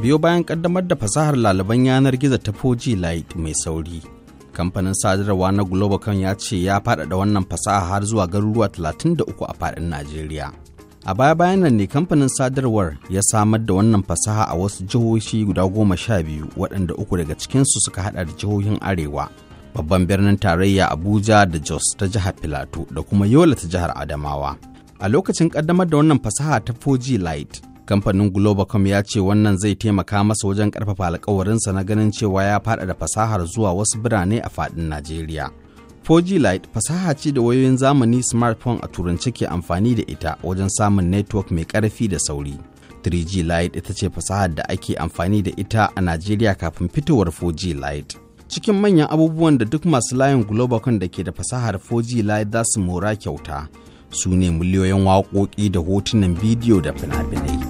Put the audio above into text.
biyo bayan kaddamar da fasahar lalaban yanar gizo ta 4G Lite mai sauri. Kamfanin sadarwa na Globacom ya ce ya faɗaɗa wannan fasaha har zuwa garuruwa 33 a faɗin Najeriya. A baya bayan nan ne kamfanin sadarwar ya samar da wannan fasaha a wasu jihohi guda goma sha biyu waɗanda uku daga cikinsu suka haɗa da jihohin Arewa. Babban birnin tarayya Abuja da Jos ta jihar Filato da kuma Yola ta jihar Adamawa. A lokacin ƙaddamar da wannan fasaha ta 4G Lite, Kamfanin Globacom ya ce wannan zai taimaka masa wajen karfafa alkawarinsa na ganin cewa ya faɗaɗa fasahar zuwa wasu birane a faɗin Najeriya. 4G Lite fasaha ce da wayoyin zamani smartphone a turance ke amfani da ita wajen samun network mai ƙarfi da sauri. 3G Lite ita ce fasahar da ake amfani da ita a Najeriya kafin fitowar 4G Lite. Cikin manyan abubuwan da duk masu layin Globacon da ke da fasahar 4G Lite za su mora kyauta su ne miliyoyin waƙoƙi da hotunan bidiyo da fina-finai.